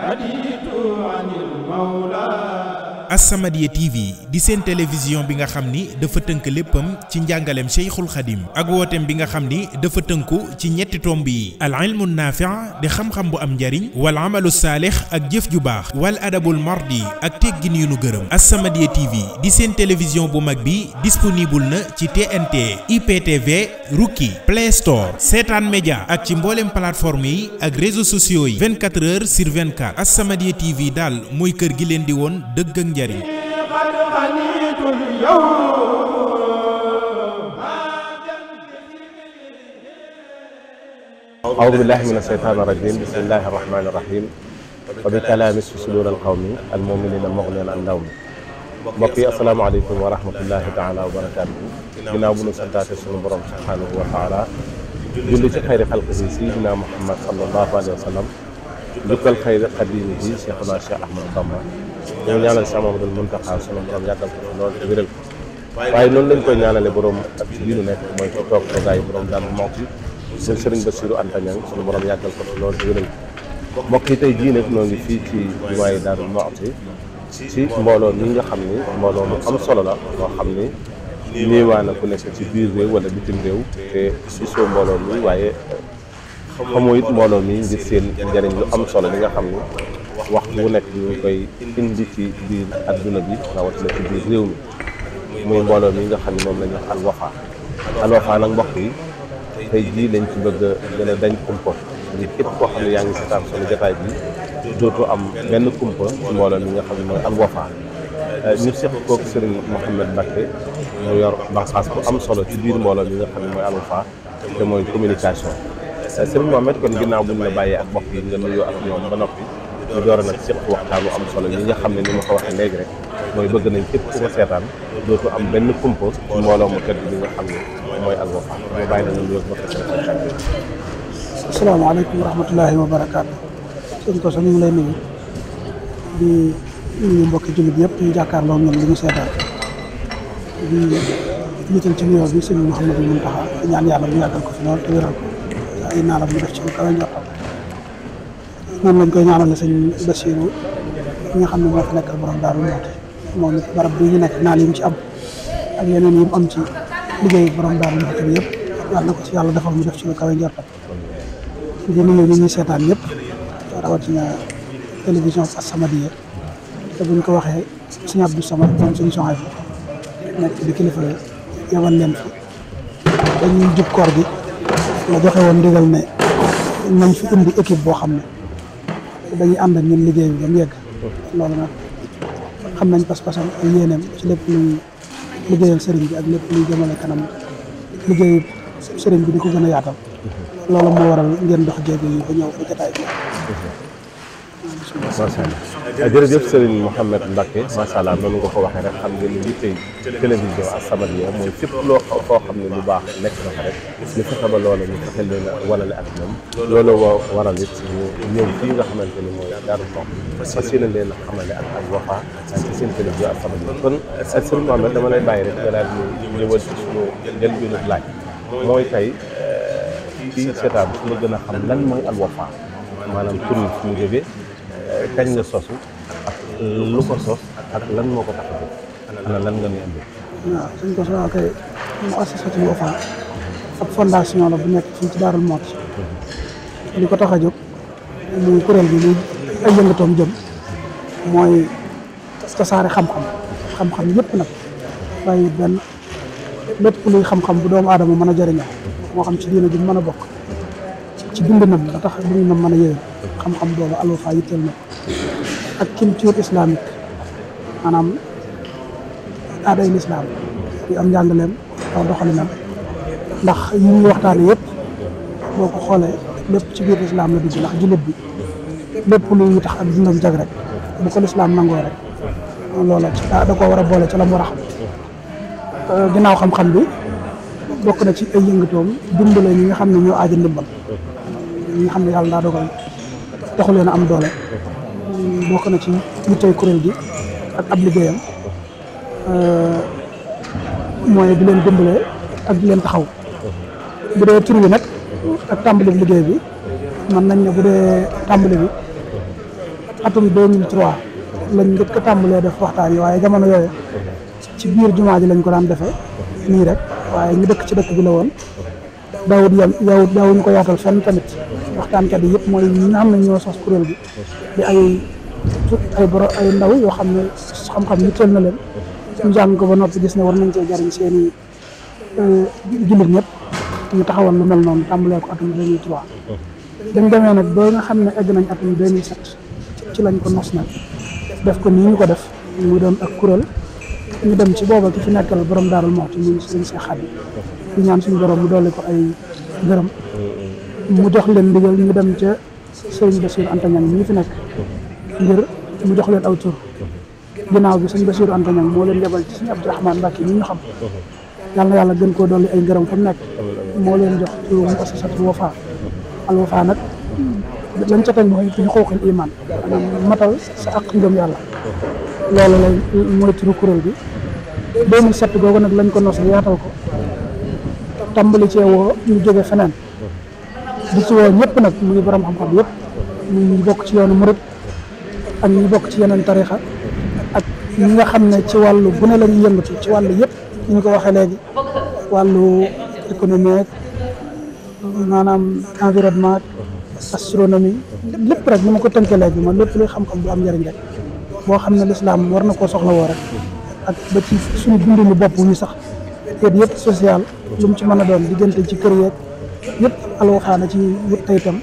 hadiitu anil mawla As-Samadiyya TV di seen télévision bi nga xam ni dafa tënk léppam ci njàngaleem Cheikhul Khadim ak wooteem bi nga xam ni dafa tënku ci ñetti tomb yi al ilmu naafi' di xam-xam bu am njariñ wal amalu saalix ak jëf ju baax wal adabul mardi ak teggin yu nu gërëm As-Samadiyya TV di seen télévision bu mag bi disponible na ci TNT IPTV Rookie Play Seetaan Média ak ci mbooleem plateforme yi ak réseaux sociaux yi 24 TV daal mooy kër gi leen di woon dëgg ak jariñ أعوذ بالله من الشيطان الرجيم بسم الله الرحمن الرحيم وبكلام صدور القوم المؤمنين المغني عن نوم mbokk yi asalaamaaleykum wa rahmatullahi taala wa barakaatu ginnaaw bu ñu santaate sunu borom subhaanahu wa taala julli ci xayri xalqihi sayyidina Muhammad sallallahu alayhi wa sallam jukkal xayri xadimi bi Cheikhuna Cheikh Ahmad Bamba ñoom ñaanal Cheikh Mamadou Mountakha sunu borom yàggal ko loolu te wéral ko waaye loolu lañ koy ñaanale borom ak bii nu nekk mooy ko toog toogaay borom daal bu mokk seen sëriñ Bassirou Anta Niang sunu borom ko loolu te wéral ko yi tey jii nag noo ngi fii ci jumaay moo Muxti ci mbooloo mi nga xam ni mbooloo mu am solo la moo xam ni néewaa na ku nekk ci biir réew wala bitim réew te gisoo mbooloo mi waaye xamoo it mbooloo mi ngir seen njëriñ lu am solo li nga xam ni waxtu wu nekk ñu ngi koy indi ci biir adduna bi rawatina ci biir réew mi muy mbooloo mi nga xam ne moom la ñuy wax alwafa alwafa nag mbokk yi tey jii lañ ci bëgg a gën a dañ kumpa ngir képp koo xam yaa ngi seetaan sunu jotaay bi dootoo am benn kumpa ci mbooloo mi nga xam ne mooy alwafa euh, ñu seq kooku Serigne Mouhamed Mbacké mu yor banqaas bu am solo ci biir mbooloo mi nga xam ne mooy alwafa te mooy communication euh, Serigne Mouhamed kon ginnaaw buñ la bàyyee ak mbokk yi nga nuyoo ak ñoom ba noppi ñu door a nag seq waxtaan bu am solo yi nga xam ne ni ma ko waxee léegi rek mooy bëgg nañ képp ku seetaan dootu am benn kumpa ci mbooloo mu tëdd bi nga xam ne mooy Al Wafa ñu bàyyi la ñu nuyoo ba ko seetaan. asalaamaaleykum wa rahmatulahi wa ñu ngi lay yëpp ñu jàkkaarloo ñoom li ñu seetaan di jiital ci nuyoo bi sëñ Mouhamadou Mountakha ñaan yàlla mu yàggal ko fi lool te wéral ko ay naalam mu def ci lu kawe njortam moom lañ koy ñaanal sëñ Basiiru ñi nga xam ne moo fi nekkal borom Daaru Muxti moom barab bi ñu nekk naal yi mu ci am ak yeneen yi mu am ci liggéey borom Daaru Muxti bi yëpp yàlla na ko ci yàlla defal mu def ci lu kawe njortam di ñëpp rawatina télévision As-Samadiyya buñ ko waxee sëñ Abdou Samad moom bi kilifa yabal leen fi dañuy jub koor gi la joxe woon ndigal ne nañ fi indi équipe boo xam ne dañuy ànd ak liggéey bi ba mu yegg loolu nag xam nañ pas-pasam ak yéeneem ci lépp luy liggéeyal sëriñ bi ak lépp luy jëmale kanam liggéeyu sëriñ bi di ko gën a yaatal loolu moo waral ngeen dox jéego yi ba ñëw ba macha allah jërëjëf Serigne Mouhamed Mbacke macha allah noonu nga ko waxee rek xam ngeen ni tey télévision As-Samadiyya mooy fépp loo koo xam ne lu baax nekk na fa rek ñu fexe ba loola ñu fexe leen a walale ak ñoom loolu waral it ñu ñëw fii nga xamante ni mooy Daaru Muxti fas yéene leen a xamale ak ak Wafa ci seen télévision As-Samadiyya kon Serigne Mouhamed dama lay bàyyi rek nga daal ñu ñëwal ci suñu delluñu laaj mooy tey fii eh, seetaan su la gën a xam lan mooy Al Wafa maanaam tur bi fu mu jógee kañ nga sosu ak lu ko sos ak lan moo ko tax a ana lan nga muy andi. waaw suñ ko soxlaa kay mu association bu Wafa ab fondation la bu nekk fii ci Darou Mouhty li ko tax a jóg muy kuréel bi muy ay yëngatoom jëm mooy tasaare xam-xam xam-xam yëpp nag bàyyi benn lépp luy xam-xam bu doomu aadama mën a jëriñoo moo xam ci diina ji mën a bokk ci dundinam ba tax dundinam man a yéwén xam-xam boobu Alwafa yitteel na ak culture islamique maanaam aaday lislaam yi am njàngaleem aw doxalinam ndax yi ñuy waxtaane yëpp boo ko xoolee lépp ci biir lislaam la dugg ndax jullit bi lépp lu tax ak dundam jag rek bu ko lislaam nangoo rek loola da koo war a boole ci la war a xam ginnaaw xam-xam bi bokk na ci ay yëngatoom dimbale ñi nga xam ne ñoo aaja ndimbal ñi nga xam ne yàlla daa dogal taxu leen a am doole bokk ci yittey kuréel gi ak ab liggéeyam mooy di leen dimbale ak di leen taxaw bu dee tur bi nag ak tàmbali bi liggéey bi man nañ ne bu dee tàmbali bi atum 2003 lañ njëkk a def waxtaan yi waaye jamono yooyu ci biir jumaa ji lañ ko daan defee nii rek waaye ñu dëkk ci dëkk bi la woon daawut yam daawut daawuñu ko yaatal fenn tamit waxtaankat yi yëpp mooy ñi nga xam ne ñoo sos kuréel bi di ay ay boro ay ndaw yoo xam ne xam-xam yitteel na leen ñu jàng ko ba noppi gis ne war nañ cee jariñ seen i eh, jullit ñëpp ñu taxawal lu mel noonu tàmbalee ko atum 2003 dañ demee nag ba nga xam ne egg nañ atum 2007 ci lañ ko nos nag def ko nii ñu ko def muy doon ak kuréel ñu dem ci booba ki fi nekkal borom daarul moo ñun suñu Seex Xaadim di ñaan suñu borom mu dolli ko ay gërëm mu jox leen ndigal ñu dem ca sëriñ Basiir Anta Ñaŋ ñi fi nekk ngir mu jox leen aw tur ginnaaw sëñ Basiir Anta moo leen yebal ci suñu Abdu Rahmaan Mbàkke ñu xam yàlla yàlla gën koo dolli ay gërëm fa mu nekk moo leen jox ci muassasatul Wafa al Wafa nag lañ ca teg mooy fi ñu xooxal iman matal sa ak ngëm yàlla loolu lay mooy kuréel bi 2007 googu nag lañ ko nos yaatal ko tàmbali cee woo ñu jóge feneen di ci woo ñëpp nag muy borom xam-xam yëpp ñu bokk ci yoonu murit ak ñu bokk ci yeneen tarixa ak ñi nga xam ne ci wàllu bu ne lañu yëngatu ci wàllu yëpp ñu ko waxee léegi wàllu économie maanaam environnement astronomie lépp rek ni mu ko tënkee léegi ma lépp luy xam-xam bu am njëriñ rek boo xam ne lislaam war na koo soxla woo rek ak ba ci suñu dundinu bopp wi sax yéen yëpp social lu mu ci mën a doon diggante ci kër yeeg yëpp alwaxaana ci wut tey itam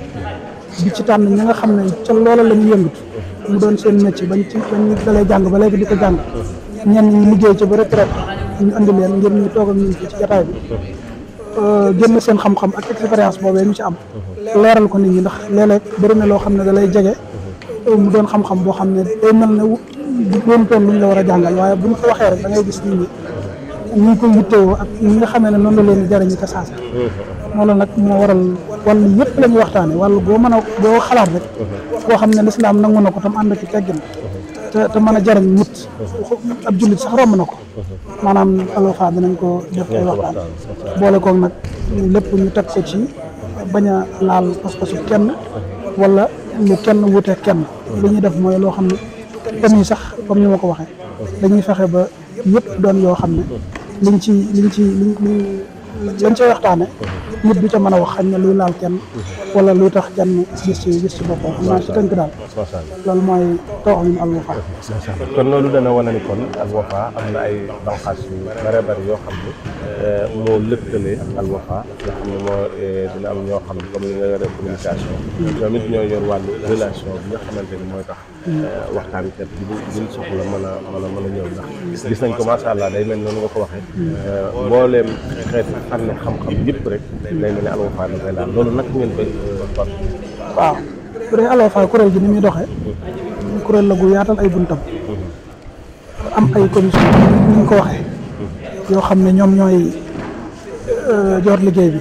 ci tànn ñi nga xam ne ca loola la ñu yëngatu mu doon seen métier bañ ci bañ dalee jàng ba léegi di ko jàng ñenn ñi liggéey ci ba retraite ñu andi leen ngir ñu toog ak ñun ci jataay bi euh, génn seen xam-xam ak expérience boobee ñu ci am leeral ko nit ñi ndax léeg-léeg bëri na loo xam ne da lay jege mu doon xam-xam boo xam ne day mel ne doon toon lu ñu la war a jàngal waaye buñ ko waxee rek da ngay gis nit ñi ñu ko yittewoo ak ñi nga xamee ne noonu la leen di jariñu ko saasa moo la nag moo waral wàllu yëpp la ñuy waxtaane wàllu boo mën a boo xalaat rek koo xam ne lislaam nangu na ko tam ànd ci teggin te te mën a jariñ nit ab jullit sax ko maanaam alofa dinañ ko def ay waxtaan boole koog nag lépp ñu teg ko ci bañ a laal pas-pasu kenn wala lu kenn wute kenn li ñuy def mooy loo xam ne thèmes yi sax comme ni ma ko waxee dañuy fexe ba yëpp doon yoo xam ne liñ ci liñ ci liñ lañ cay waxtaane nit bi ca man a wax xam na luy laal kenn wala luy tax kenn gis ci boppam xam si tënk daal loolu mooy toox ñu kon loolu dana wane ni kon al wafa am na ay banqaas yu bare bari yoo xam ne eh, moo lëkkale al wafa nga xam eh, am ñoo xam ne comme li nga yore communication ñoom it ñoo yor wàllu relation bi nga xamante ni mooy tax eh, waxtaan kat bi buñ soxla mën a mën a mën a ñëw ndax gis nañ ko macha allah day mel noonu nga ko waxee mbooleem xeet sànni xam-xam yëpp rek day mel loolu nag ngeen koy far waaw bu dee Al Wafa kuréel gi ni muy doxe kuréel la gu yaatal ay buntam am ay commission ni ñu ko waxee yoo xam ne ñoom ñooy euh, joor liggéey bi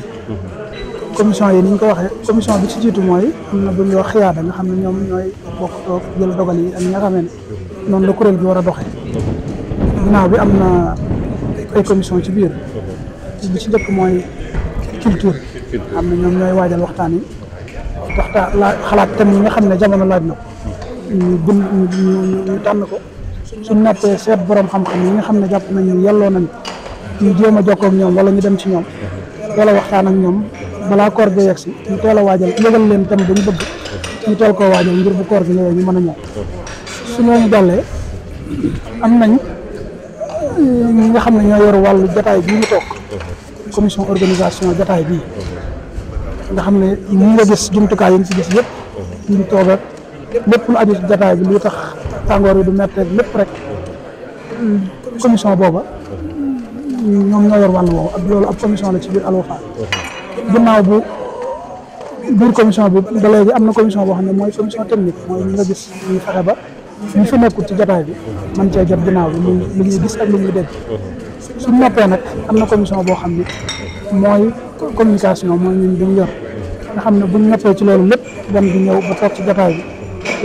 commission yi ni ñu ko waxee commission bi ci jiitu mooy am na bu ñuy wax xiyaada nga xam ne ñoom ñooy bokk toog jël dogal yi ak nga xamee ne noonu la kuréel bi war a doxee ginnaaw bi am na ay commission ci biir bi ci njëkk mooy culture am na ñoom ñooy waajal waxtaan yi waxtaan laa xalaat thème yi nga xam ne jamono laaj na ko ñu bind ñu tànn ko suñ nattee seet boroom xam-xam yi nga xam ne jàpp nañu yelloo nañ ñu jéem a jokkoo ñoom wala ñu dem ci ñoom teel a waxtaan ak ñoom balaa koor gi yegg si ñu teel a waajal yëgal leen thème bu ñu bëgg ñu teel koo waajal ngir bu koor gi ñëwee ñu mën a ñëw su ñooñu jàllee am nañ ñi nga xam ne ñoo yor wàllu jataay bii ñu toog commission organisation jataay bii nga xam ne ñi nga gis jumtukaay yi ñu si gis yëpp ñu ngi lépp lu aju si jataay bi lu tax tàngoor bi du méttee lépp rek commission booba ñoom ñoo yor wàllu woowu ak loolu ak commission la ci biir Al Wafa ginnaaw bu biir commission bi ba léegi am na commission boo xam ne mooy commission technique mooy ñi nga gis ñu fexe ba ñu fi nekkul ci jataay bi man cee jot ginnaaw bi lu ñuy gis ak lu ñuy dégg suñ noppee nag am na commission boo xam ne mooy communication mooy ñun bi ñu yor nga xam ne buñ noppee ci loolu lépp dem di ñëw ba toog ci jataay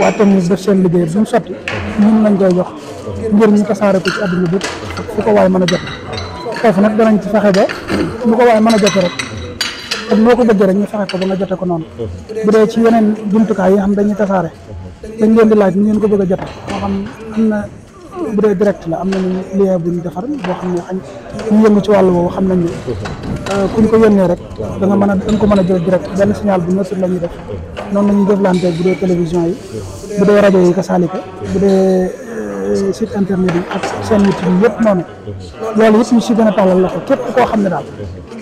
waa technique def seen liggéey buñ sotti ñun lañ koy jox ngir ñu tasaare ko ci àdduna bi fu ko waay mën a jot foofu nag danañ ci fexe ba lu ko waay man a jot rek ak noo ko bëggee rek ñu fexe ko ba nga jote ko noonu bu dee ci yeneen jumtukaay yi xam dañuy tasaare dañ leen di laaj ni ngeen ko bëgg a jot moo xam am na bu dee direct la am nañu lien bu ñu defar boo xam ne xañ ñu yëngu ci wàll woowu xam nañ ne euh, kuñ ko yónnee rek da nga mën a da ko mën a jël direct benn signal bu ñëpp la ñuy def noonu la ñuy jëflante bu dee télévision yi bu dee rajo yi ka saalika bu dee euh, site internet yi ak seen YouTube yi yëpp noonu loolu yëpp ñu si gën a la loxo képp koo xam ne daal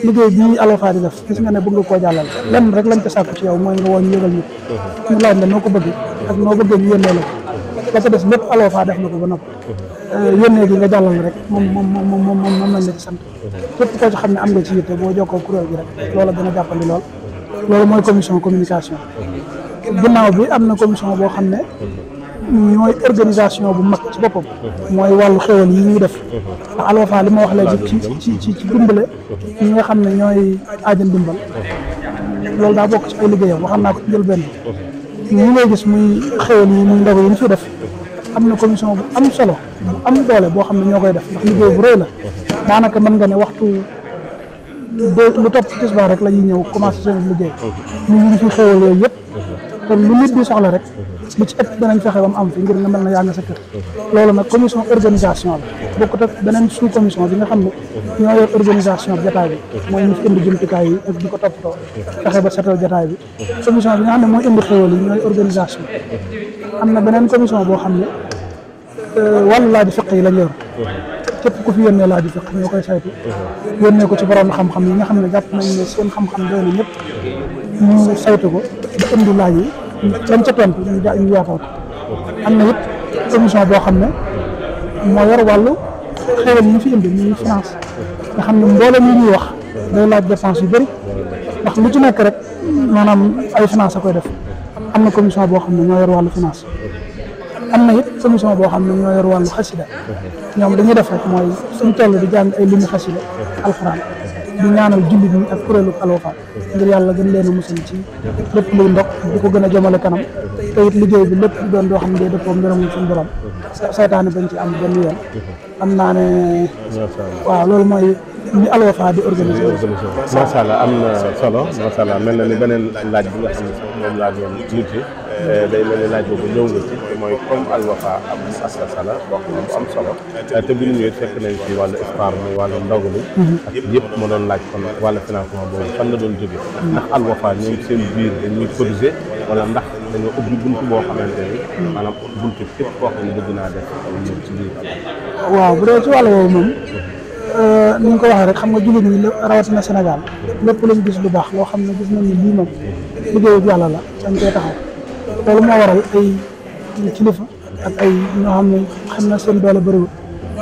liggéey bii Alwafa di def gis nga ne bëgg nga koo jàllal lenn rek lañ ko sàkku ci yow mooy nga woo ñu yëgal ñu ñu laaj la noo ko bëgg ak noo bëggee ñu yónnee la la ca des lépp Alwafa def na ko ba noppi euh, yónnee gi nga jàllal rek moom moom moom moom moom lañ la ci sant képp koo ci xam ne am nga ci yitte boo jokkoo kuréel gi rek loola gën a jàppandi lool loolu mooy commission communication ginnaaw bi am na commission boo xam ne ñooy organisation bu mag ci boppam mooy wàllu xewal yi ñu def ndax Alwafa li ma wax léegi ci ci ci ci dimbale ñi nga xam ne ñooy aajan dimbal loolu daa bokk ci ay liggéeyam waxam naa ko ci jël benn ñi ngay gis muy xewal yi muy ndogu yi ñu fi def am na commission bu am solo bu am doole boo xam ne ñoo koy def ndax liggéey bu rëy la daanaka mën nga ne waxtu lu topp tisbaar rek lañuy ñuy ñëw commencé seen liggéey ñu ngi fi xewal yooyu yëpp kon lu nit di soxla rek lu ci ëpp danañ fexe bam am fi ngir nga mel na yaa nga sa kër loolu nag commission organisation la bokkut a beneen sous commission bi nga xam ne ko toppatoo fexe ba setal jataay bi commission bi nga yi ñooy organisation am na beneen commission boo xam ne euh, wàllu laaj fiq yi lañ yor képp ku fi yónnee laaj fiq ñoo koy saytu yónnee ko ci borom xam-xam ne jàpp ñu saytu ko ba indi laaj yi lañ ca tontu ñu ja ñu ko am na it émission boo xam ne moo yor wàllu xewal yi ñu fi indi ñuy finance nga xam ne mboolem yi ñuy wax day laaj dépense yu bëri ndax lu ci nekk rek maanaam ay finance a koy def am na commission boo xam ne ñoo yor wàllu finance am na it commission boo xam ne ñoo yor wàllu xasida ñoom dañuy def rek mooy suñ toll di jàng ay limu xasida alxuraan di ñaanal jullit ñi ak kuréelu Al Wafa ngir yàlla gën leen a ci lépp luy ndox di ko gën a jëmale kanam te liggéey bi lépp doon doo xam ne dëppoo mbiram suñu borom saytaane bañ ci am benn yoon am naa ne waaw loolu mooy ni Al Wafa di organisé macha allah am na solo macha mel na ni beneen laaj bi nga xam ne moom laa doon nit Eh, day mel ni laaj boobu ñëw nga ci te mooy comme Al Wafa ab muassasa la boo xam ne bu am solo eh, te bi ñu ñëwee fekk nañ ci wàllu espoir muy wàllu ndogu bi mhm. ak yëpp doon laaj kon wàllu financement boobu fan la doon jóge mhm. ndax Al Wafa ñoom seen biir dañuy cotiser wala ndax dañoo ubbi bunt boo xamante ni mhm. maanaam bunt képp koo xam ne bëgg naa def ci biir waaw bu dee ci wàllu woowu moom eh, ni ñu ko waxee rek xam nga jullit ñi rawatina senegal lépp lañ gis lu baax loo xam ne gis nañ ni lii moom liggéeyu yàlla la dañ koy taxaw loolu moo waral ay kilifa ak ay ñoo xam ne xam na seen doole bëriwul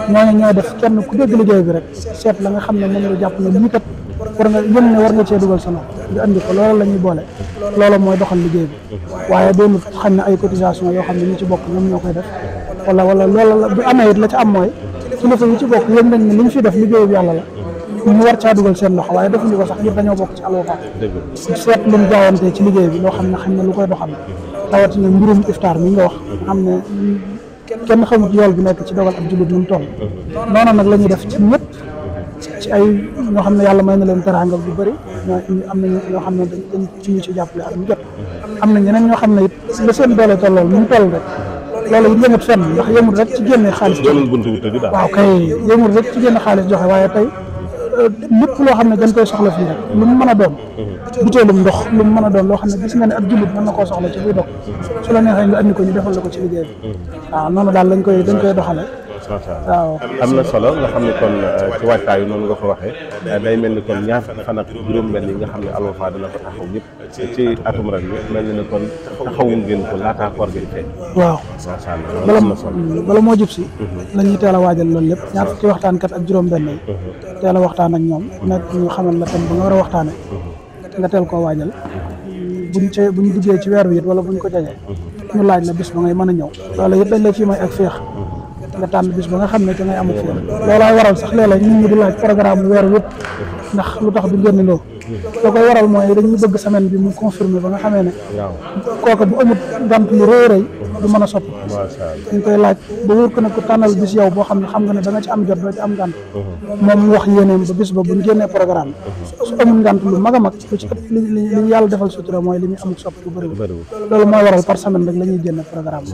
ñooñu ñoo def kenn ku dégg liggéey bi rek seet la nga xam ne moom la jàpp ne lii kat war nga yëm ne war nga cee dugal sa loxo nga andi ko la ñuy boole loolu mooy doxal liggéey bi waaye doonu xam ne ay cotisation yoo xam ne ñu ci bokk ñoom ñoo koy def wala wala loolu la bu amee it la ci am mooy kilifa yi ci bokk yëm nañ ne li ñu fi def liggéey bi yàlla la ñu war caa dugal seen loxo waaye defuñu ko sax ñëpp dañoo bokk ci aloofa seet lu mu jaayantee ci liggéey bi loo xam ne xam ne lu koy doxal rawatina mbirum iftaar mi nga wax xam ne kenn xamut yool bi nekk ci dogal ab jullit ñu toll noonu nag la ñuy def ci ñëpp ci ay ñoo xam ne yàlla may na leen teraanga bu bëri ñoo am na ñoo xam ne ci ci jàppale ak ñu jot am na ñeneen ñoo xam ne it la seen doole tollool mu toll rek loolu it yëngut fenn ndax yëngut rek ci génne xaalis waaw kay yëngut rek xaalis joxe waaye tey lépp loo xam ne dañ koy soxla fii rek lu mu mën a doon butéelum ndox lu mu mën a doon loo xam ne gis nga ne ab jullit mën na koo soxla ci buy dog su la neexee nga andi ko ñu defal la ko ci liggéey bi mm. waaw noonu daal lañ koy dañ koy doxale macha allah am na solo nga xam ne kon euh, ci waajtaayu noonu nga ko waxee euh, day mel ni kon ñaar fukki fan ak juróom-benn yi nga xam ne Al Wafa dana ko taxaw yëpp ci atum ren bi mel na ne kon taxawu ngeen ko laataa koor gi feeñ. waaw macha allah am na solo bala moo jub si. Mhm. nañuy a waajal loolu lépp ñaar fukki waxtaankat ak juróom-benn yi. Mhm. teel a waxtaan ak ñoom mhm. nekk ñu xamal la tam ba nga war a waxtaanee. nga teel koo waajal. buñ ci buñ duggee ci weer bi it wala buñ ko jegee ñu laaj la bis ba ngay a nga tànn bis ba nga xam ne te ngay amul fi bi mu confirmé ba nga xamee ne kooka bu amut gant lu rëy rëy du mën a sopp dañ boo xam ne xam ne da nga ci am mhm. wax yéeneem ba bis ba buñ génnee programme mhm. su amul gant lu mag a mag lu ci ëpp li li ñu yàlla defal sutura mooy li ñu amul sopp bu bëriwul loolu mooy waral par semaine rek la ñuy programme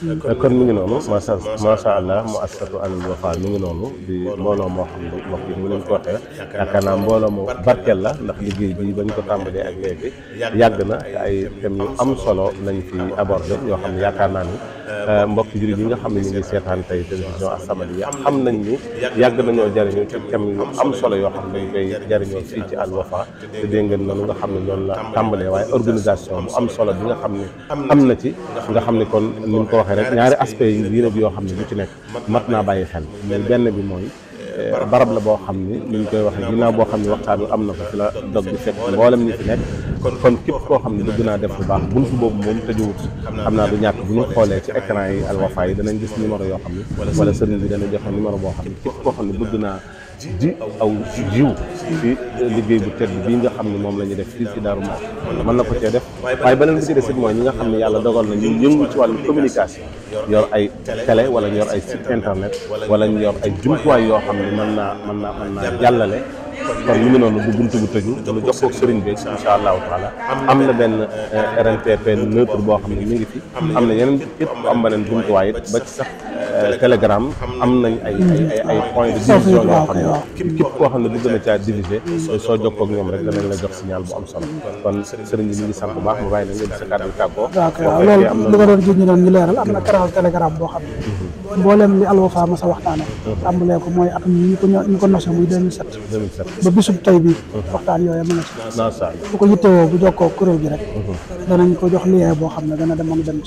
Euh, kon mu ngi noonu macha macha allah mu asatu anul wafa mi ngi noonu di mbooloo moo xam ne mbokk yi mu leen ko waxee yaakaar naa mbooloo moo barkeel la ndax liggéey bi bañ ko tàmbalee ak léegi yàgg na ay thèmes yu am solo lañu fi abordé yoo xam ne yaakaar naa ni Euh, mbokk jurit yi nga xam ne ñu ngi seetaan tey télévision As-Samadiyya xam nañ ni yàgg nañoo jariñoo ci thème yu am solo yoo xam ne dañ koy jariñoo fii ci Al Wafa te dégg ngeen noonu nga xam ne noonu la tàmbalee am solo bi nga xam ne na ci nga xam ne kon ni mu ko waxee rek ñaari aspect yi diine bi yoo xam ne bu ci nekk mat naa bàyyi xel mais benn bi mooy euh, barab la boo xam ni ñu ngi koy waxee ginnaaw boo xam ne waxtaan wi am na ko ci la dog bi fekk mboolem ñi fi nekk kon képp koo xam ne bëgg naa def bu baax buntu boobu moom tëjuwut xam naa du ñàkk bu ñu xoolee ci écran yi alwafa yi danañ gis numéro yoo xam ne wala sëriñ bi dana joxe numéro boo xam ne képp koo xam ne bëgg naa ji aw jiw ci liggéey bu tedd bii nga xam ne moom la ñuy def fii ci Darou Mouhty mën na ko cee def waaye beneen bi ci des it mooy ñi nga xam ne yàlla dogal na ñu yëngu ci wàllu communication yor ay télé wala ñu yor ay site internet wala ñu yor ay jumtuwaay yoo xam ne mën naa mën naa mën naa jàllale kon ñu ngi noonu bu buntu bu tëju ñu jox koog sëriñ bi incha allahu taala am na benn eh, RNPP neutre boo xam ne mi ngi fi am na yeneen képp am beneen buntuwaay it ba ci sax Telegram am nañ ay ay ay point de division yoo xam ne képp koo xam ne bëgg na caa diviser soo jokkoo ak ñoom rek danañ la jox signal bu am solo kon sëriñ bi ñu ngi sant bu baax mu bàyyi la mhm. ma sa waxtaane mhm. tàmbalee ko mooy atum ñu ko ñu ko nosé muy 2007 ba bisub tey bi mhm. waxtaan yooyu mën na ci bu ko yittewoo bu jokkoo kuréel gi rek danañ ko jox lien boo xam ne dana dem ak dem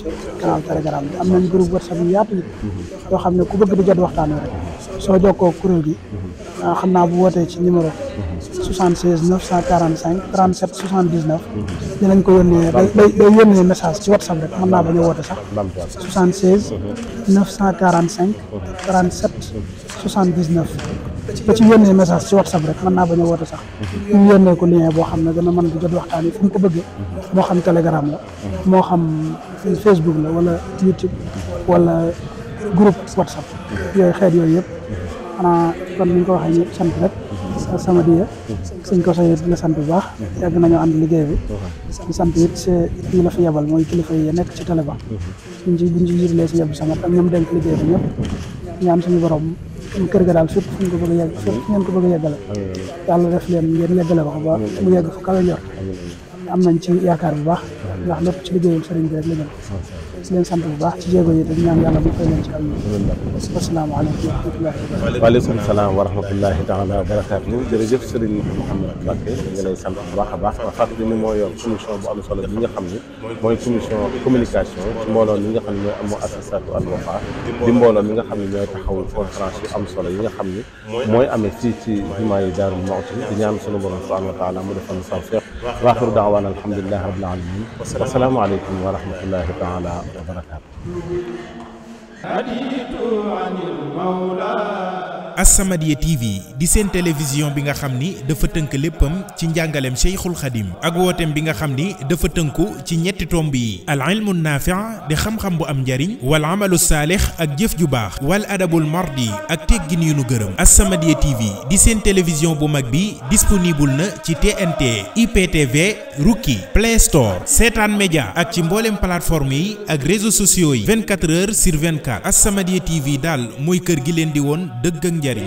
Telegram bi am nañ groupe WhatsApp yu yaatu yoo xam ne ku bëgg di jot waxtaan wi rek soo jokkoo kuréel gi xam naa bu wootee ci numéro 76 945 37 79 dinañ ko yónnee day day yónnee message ci whatsapp rek mën naa bañ a woote sax 76 945 37 79 ba ci yónnee message ci whatsapp rek mën naa bañ a woote sax ñu yónnee ko lien boo xam ne dana man di jot waxtaan yi fu mu ko bëggee moo xam telegram la moo xam facebook la wala youtube wala groupe whatsapp yooyu xeet yooyu yëpp xanaa kon ni ñu ko waxee ñëpp sant rek sama diya sëñ ko soyit la sant bu baax yàgg nañu ànd liggéey bi di sant it ñi la fi yebal mooy kilifa yi nekk ci télé ba buñ ci buñ ci jiitalee si yebbu samat ak ñoom denk liggéey bi ñëpp ñaan suñu borom kër ga daal fépp fu ñu ko bëgg a yegg fépp fu ngeen bëgg a yeggale yàlla def leen ngeen yeggale wax ba mu yegg fu kawe njort am nañ ci yaakaar bu baax ndax lépp ci liggéeyam sëriñ bi rek la jëm di leen sant bu baax ci jéego yi dañu ñaan yàlla mu koy leen ci am asalaamaaleykum wa rahmatullahi waaleykum salaam wa rahmatullahi taala wa jërëjëf Serigne Mouhamed Mbacke ñu ngi lay sant bu a baax nga fàttali ni moo am solo bi nga xam mooy communication ci mbooloo mi nga xam ne mooy amoo assistatu Al Wafa di mbooloo mi nga xam ne ñooy taxawul conférence yu am solo yi nga xam ni mooy amee fii ci jumaa yi Daaru Muxti di ñaan sunu borom subhanahu wa taala mu defal ñu waaxiru daawaana alhamdulilahi rabbil alamin wasalaamualeykum wa rahmatullahi taala wa barakaatu As-Samadiyya TV di seen télévision bi nga xam ni dafa tënk léppam ci njàngaleem Cheikhul Khadim ak wooteem bi nga xam ni dafa tënk ci ñetti tomb yi al ilmu naafi' di xam-xam bu am njariñ wal amalu saalix ak jëf ju baax wal adabul mardi ak teggin yu nu gërëm As-Samadiyya TV di seen télévision bu mag bi disponible na ci TNT IPTV Rookie Play Seetaan Média ak ci mbooleem plateforme yi ak réseaux sociaux yi 24 TV daal mooy kër gi leen di woon dëgg njariñ